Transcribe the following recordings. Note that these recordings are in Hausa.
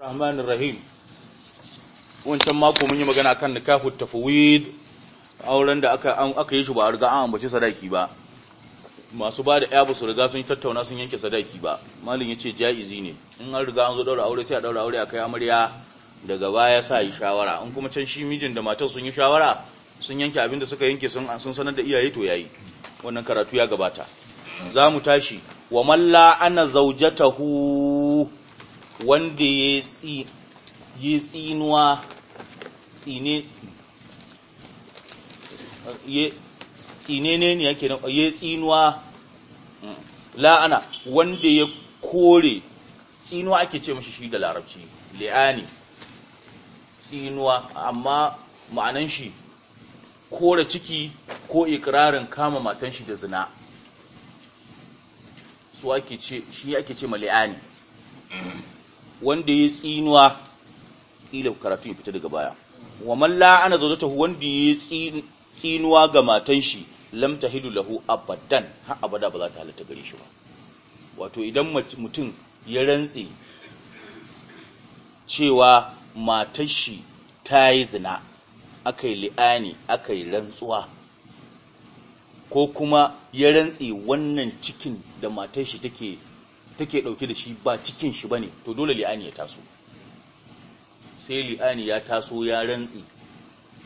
Rahmanir Rahim wancan mako mun yi magana kan nikahu tafwid auren da aka yi shi ba a riga an ambace sadaki ba masu ba da ya ba su riga sun tattauna sun yanke sadaki ba malin yace jaizi ne in an riga an zo daura aure sai a daura aure a kai amarya daga baya sa yi shawara in kuma can shi mijin da matar sun yi shawara sun yanke abin da suka yanke sun sun sanar da iyaye to yayi wannan karatu ya gabata za mu tashi wa malla ana zaujatahu wanda ya yi tsinuwa tsine ne ne yake nan ya tsinuwa la'ana wanda ya kore tsinuwa ake ce mashi shi da larabci li'ani tsinuwa amma ma'anan shi kore ciki ko ikirarin kama matan shi da zina su ake ce shi ake ce ma li'ani wanda ya tsinuwa kila karatu ya fita daga baya wa man la'ana zawjatahu wanda ya tsinuwa ga matan shi lamta hidu lahu abadan har abada ba za ta halatta gare shi ba wato idan mutum ya rantse cewa matar shi ta yi zina aka yi li'ani aka yi rantsuwa ko kuma ya rantse wannan cikin da matar shi take take dauke da shi ba cikin shi bane to dole li'ani ya taso sai li'ani ya taso ya rantsi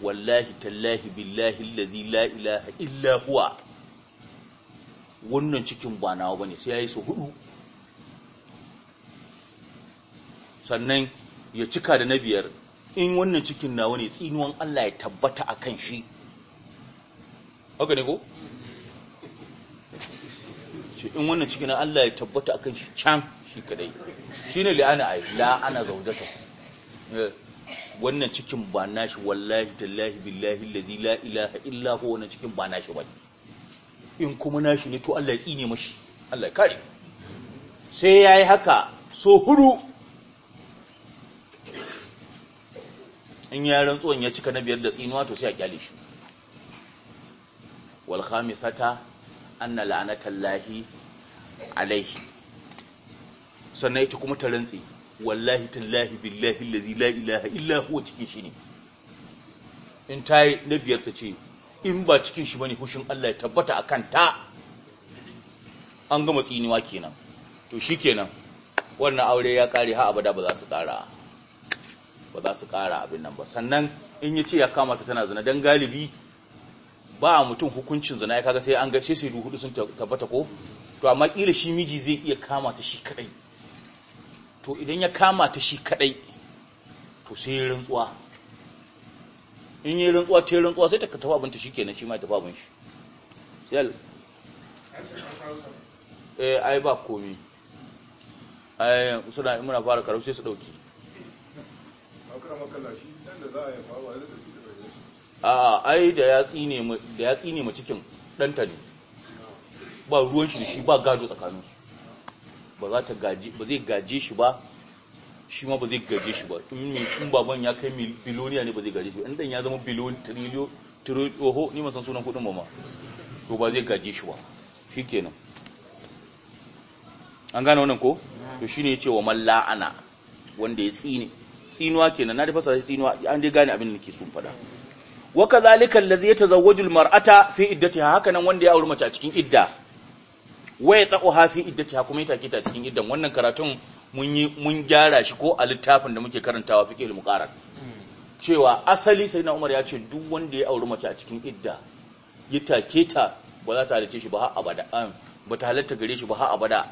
wallahi tallahi billahi allazi la ilaha illa huwa wannan cikin ba nawa bane sai yayi su hudu sannan ya cika da na biyar in wannan cikin nawa ne tsinuwan Allah ya tabbata akan shi haka ne ko shi in wannan cikin na Allah ya tabbata akan shi can shi kadai shine li'ana ai la'ana ana zaujata eh, wannan cikin ba nashi wallahi tallahi billahi allazi la ilaha illa huwa wannan cikin ba nashi ba. in kuma nashi ne to Allah ya tsine mashi Allah ya kare sai yayi haka so hudu in ya rantsuwan ya cika na biyar da tsinuwa to sai a kyale shi wal khamisata anna la'anatallahi alaihi sannan ita kuma ta rantsi wallahi tallahi billahi allazi la ilaha illa huwa cikin shi ne in ta yi na ta ce in ba cikin shi bane hushin Allah ya tabbata akan ta an gama tsiniwa kenan to shikenan wannan aure ya kare ha abada ba za su kara ba za su kara abin nan ba sannan in yace ya kamata tana zina dan galibi ba mutum hukuncin zina ya kaga sai an ga sai sai hudu sun tabbata ko to amma kila shi miji zai iya kama ta shi kadai to idan ya kama ta shi kadai to sai rantsuwa in yi rantsuwa ta rantsuwa sai ta tafi abinta shi kenan shi ma ta babun shi yal eh ai ba komi ai suna muna fara karau sai su dauki akara makalla shi dan da za a yi fawa zai tafi da bayansu a ai da ya tsine mu da ya tsine mu cikin danta ne ba ruwan shi da shi ba gado tsakaninsu ba za ta gaji ba zai gaje shi ba shi ma ba zai gaje shi ba in baban ya kai biloniya ne ba zai gaje shi ba in dan ya zama bilon trillion oho ni san sunan kudin ba to ba zai gaje shi ba shikenan an gane wannan ko to shine yace wa mallana la'ana wanda ya tsine tsinuwa kenan na da fasara tsinuwa an dai gane abin da nake sun faɗa wa kadhalika allazi yatazawwaju almar'ata fi iddatiha hakanan wanda ya auri mace a cikin idda wa yata'uha hafi iddatiha kuma ya take ta cikin iddan wannan karatun mun yi mun gyara shi ko a littafin da muke karantawa fiqh muqarrar cewa asali sayyidina Umar ya ce duk wanda ya auri mace a cikin idda ya take ta ba za ta halice shi ba har abada ba ta halatta gare shi ba har abada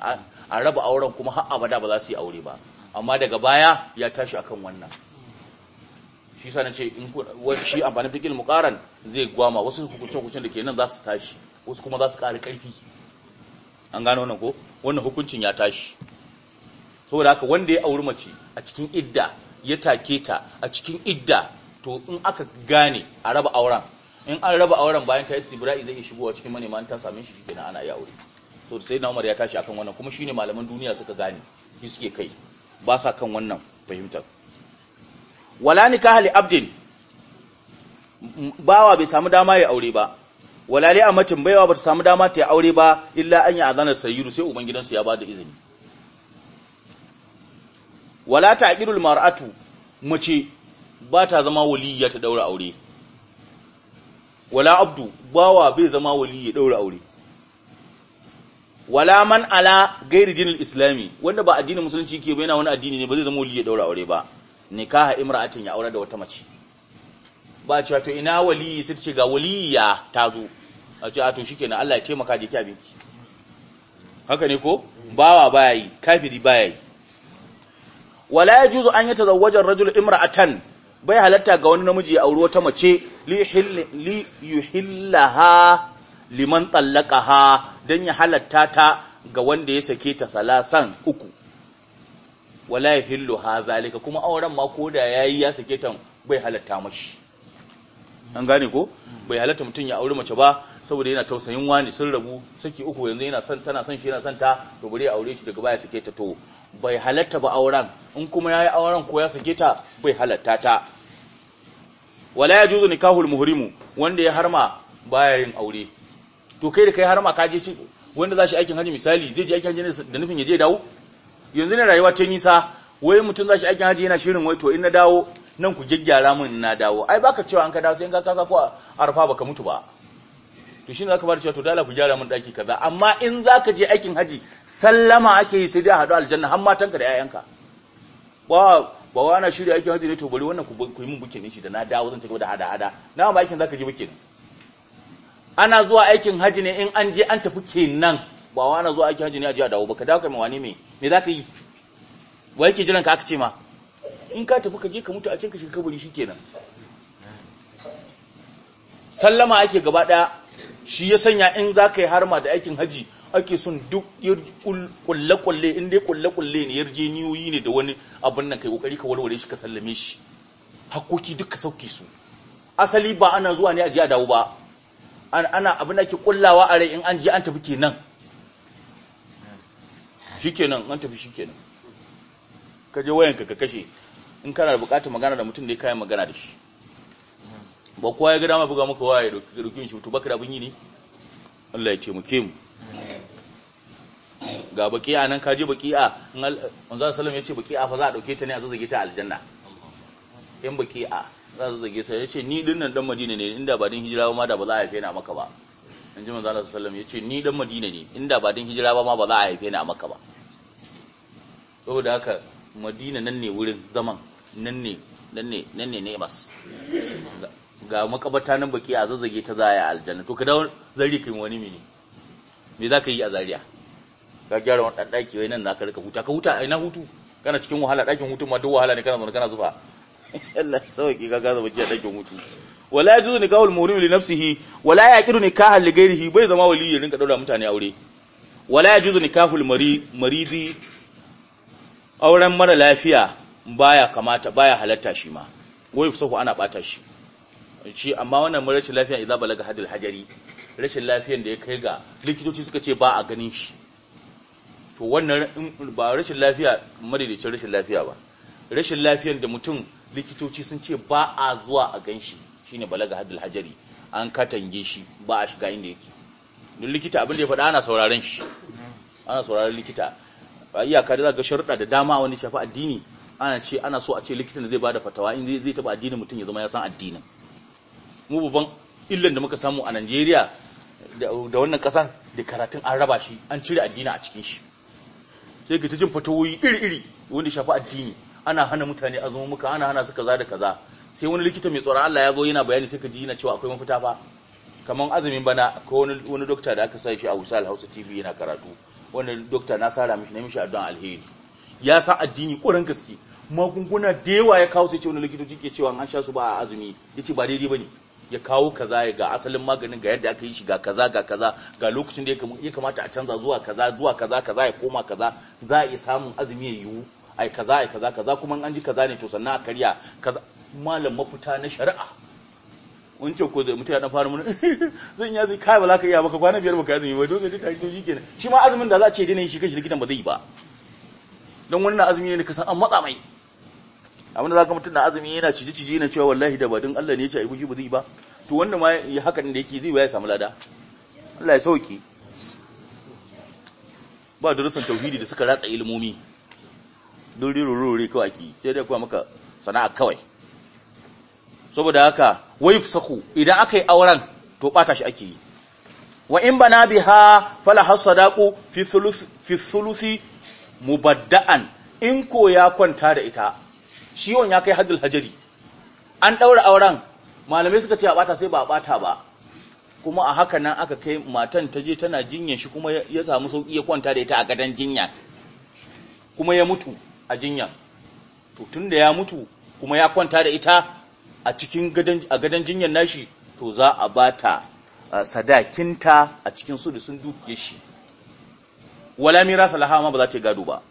a raba auren kuma har abada ba za su yi aure ba amma daga baya ya tashi akan wannan shi sa ce, in shi amfani da fiqil muqaran zai gwama wasu hukuncin da ke nan za su tashi wasu kuma za su ƙara ƙarfi an gano wannan ko wannan hukuncin ya tashi saboda haka wanda ya auri mace a cikin idda ya take ta a cikin idda to in aka gane a raba auren in an raba auren bayan ta istibra'i zai a cikin manema an ta same shi kenan ana ya aure to sai na Umar ya tashi akan wannan kuma shine malaman duniya suka gane shi suke kai ba sa kan wannan fahimtar wala ni kahali abdin bawa bai samu dama ya aure ba wala li amatin baiwa ba ta samu dama ta aure ba illa an yi azanar sayyidu sai ubangidansu ya ba da izini wala ta aqirul mar'atu mace ba ta zama waliyya ta daura aure wala abdu bawa bai zama waliyya daura aure wala man ala gairi dinil islami wanda ba addinin musulunci ke ba yana wani addini ne ba zai zama waliyya daura aure ba nikaha imra'atin ya aure da wata mace ba cewa to ina waliyi sai ce ga waliya ta zo a ce a to shikenan Allah ya taimaka jiki abinki haka ne ko bawa baya yi kafiri baya yi wala yajuzu an yatazawwaja ar-rajul imra'atan bai halatta ga wani namiji ya auri wata mace li yuhillaha liman tallaqaha dan ya halatta ta ga wanda ya sake ta salasan uku wala ha hazalika kuma auren ma ko da yayi ya sake ta bai halatta mashi an gane ko bai halatta mutum ya aure mace ba saboda yana tausayin wani sun rabu saki uku yanzu yana son tana son shi yana son ta to bari ya aure shi daga baya sake ta to bai halatta ba auren in kuma yayi auren ko ya sake ta bai halatta ta wala yajuzu nikahul muhrimu wanda ya harma baya yin aure to kai da kai harma ka je shi wanda za shi aikin haji misali zai je aikin haji da nufin ya je dawo yanzu ne rayuwa ta nisa wai mutum za shi aikin haji yana shirin wai to in na dawo nan ku gyaggyara min na dawo ai baka cewa an ka dawo sai in ka kasa ko arfa baka mutu ba to shine zaka bar cewa to dala ku gyara min daki kaza amma in zaka je aikin haji sallama ake yi sai dai hadu aljanna har matanka da yayanka ba ba wani ana shirya aikin haji ne to bari wannan ku yi min bukin shi da na dawo zan cigaba da hada hada na ba aikin zaka je bukin ana zuwa aikin haji ne in an je an tafi kenan ba wani ana zuwa aikin haji ne a je a dawo baka dawo kai mawani me me za ka yi wa yake jiran ka aka ce ma in ka tafi ka je ka mutu a cinka ka shiga kabari shikenan sallama ake gaba daya shi ya sanya in za ka yi harma da aikin haji ake son duk kulle-kulle in dai kulle-kulle ne niyoyi ne da wani abin nan kai kokari ka warware shi ka sallame shi hakoki duka sauke su asali ba ana zuwa ne a ji a dawo ba ana abin da ke kullawa a rai in an ji an tafi kenan shikenan an tafi shikenan ka je wayan ka kashe in kana buƙatar magana da mutum da ya kai magana da shi ba kowa ya ga dama buga maka waya da dokin shi to baka da abin yi ne Allah ya taimake mu ga baki'a nan ka je baki'a manzo sallam yace baki'a fa za a dauke ta ne a zazzage ta aljanna in baki'a za a zazzage sa yace ni dinnan dan Madina ne inda ba din hijira ba ma da ba za a haife ni a Makka ba in ji manzo sallam yace ni dan Madina ne inda ba din hijira ba ma ba za a haife ni a Makka ba saboda haka madina nan ne wurin zaman nan ne nan ne nan ne ga makabata nan baki a zazzage ta zaya aljanna to ka dawo zari kai wani mini me zaka yi a zariya ka gyara wani daki wai nan zaka rika huta ka huta ina hutu kana cikin wahala dakin hutun ma duk wahala ne kana zaune kana zufa Allah sauki ka gaza a dakin hutu wala yajuzu nikahul murim li nafsihi wala yaqidu hal li ghairihi bai zama wali ya rinka daura mutane aure wala yajuzu mari maridi auren mara lafiya baya kamata baya halatta shi ma wai sahu ana bata shi shi amma wannan rashin lafiya a balaga hadil hajari rashin lafiyan da ya kai ga likitoci suka ce ba a ganin shi to wannan ba rashin lafiya madaidaicin rashin lafiya ba rashin lafiyan da mutum likitoci sun ce ba a zuwa a gan shi shine balaga hadil hajari an katange shi ba a shiga inda yake don likita abin da ya faɗa ana sauraron shi ana sauraron likita iyaka da za ga sharuɗa da dama wani shafi addini ana ce ana so a ce likitan da zai bada fatawa in zai taba addinin mutum ya zama ya san addinin mu babban illan da muka samu a Najeriya da wannan kasan da karatun an raba shi an cire addini a cikin shi sai ga tijin fatawoyi iri-iri wanda shafi addini ana hana mutane muka, ana hana su kaza da kaza sai wani likita mai tsoron Allah ya zo yana bayani sai ka ji yana cewa akwai mafita fa kamar azumin bana akwai wani wani da aka sa shi a wusa Hausa TV yana karatu wani dokta na sara mishi na mishi a don alheri ya sa addini ƙoran gaske magunguna da yawa ya kawo sai ce wani likitoci ke cewa an sha su ba a azumi ya ce ba daidai ba ne ya kawo kaza ya ga asalin maganin ga yadda aka yi shi ga kaza ga kaza ga lokacin da ya kamata a canza zuwa kaza zuwa kaza kaza ya koma kaza za a iya samun azumi ya yiwu ai kaza ai kaza kaza kuma an ji kaza ne to sannan a karya kaza malam mafita na shari'a mun ce ko da mutum ya dan fara mun zan yi azumi kai ba za ka iya baka kwana biyar baka azumi ba dole ka shi shikenan shi ma azumin da za a ce dai yi shi kanshi likitan ba zai yi ba dan wannan azumi ne ka san an matsa mai abinda ka mutum na azumi yana cije cije yana cewa wallahi da ba don Allah ne ya ce ai bushi ba zai yi ba to wannan ma ya haka ne da yake zai waya samu lada Allah ya sauke ba darussan tauhidi da suka ratsa ilimomi don riro kawai ake sai dai kuma maka sana'a kawai saboda haka wai saku, idan aka yi auren to bata shi ake yi wa in bana biha fala hasadaku fi thuluth fi mubadda'an in ko ya kwanta da ita shi ciwon ya kai haddul hajari an ɗaura auren malamai suka ce a bata sai ba a ɓata ba kuma a haka nan aka kai matan ta je tana jinyar shi kuma ya samu sauki ya kwanta da ita a gadan jinya kuma ya mutu a jinya to tunda ya mutu kuma ya kwanta da ita a cikin gadon jinyar nashi to za a ba ta sadakinta a cikin su da sun dukiye shi wala mirasa laha ma ba za ta gado ba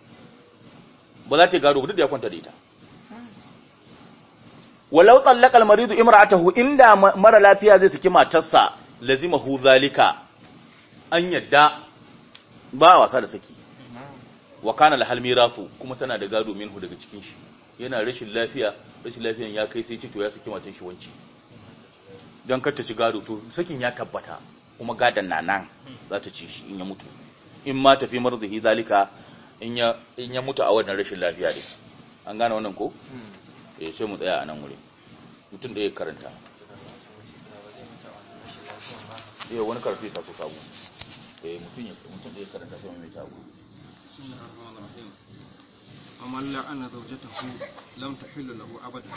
ba za ta gado ba duk da ya kwanta da ita wala tallaqa al-maridu imra'atahu inda mara lafiya zai saki matarsa lazima hu, zalika an yadda ba wasa da saki wa kana lahal kuma tana da gado minhu daga cikin shi yana rashin lafiya rashin lafiyan ya kai sai cito ya saki macen shi wanci don kar ta ci gado to sakin ya tabbata kuma gadon na nan za ta ci shi in ya mutu in ma tafi marzuhi zalika in ya mutu a wannan rashin lafiya ne an gane wannan ko ya hmm. eh, sai mu tsaya a nan wuri mutum da ya karanta ya eh, wani karfi ta ku samu eh, mutum mutum da ya karanta sai mai tabu ومن لعن زوجته لم تحل له أبدا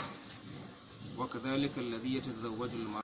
وكذلك الذي يتزوج المرأة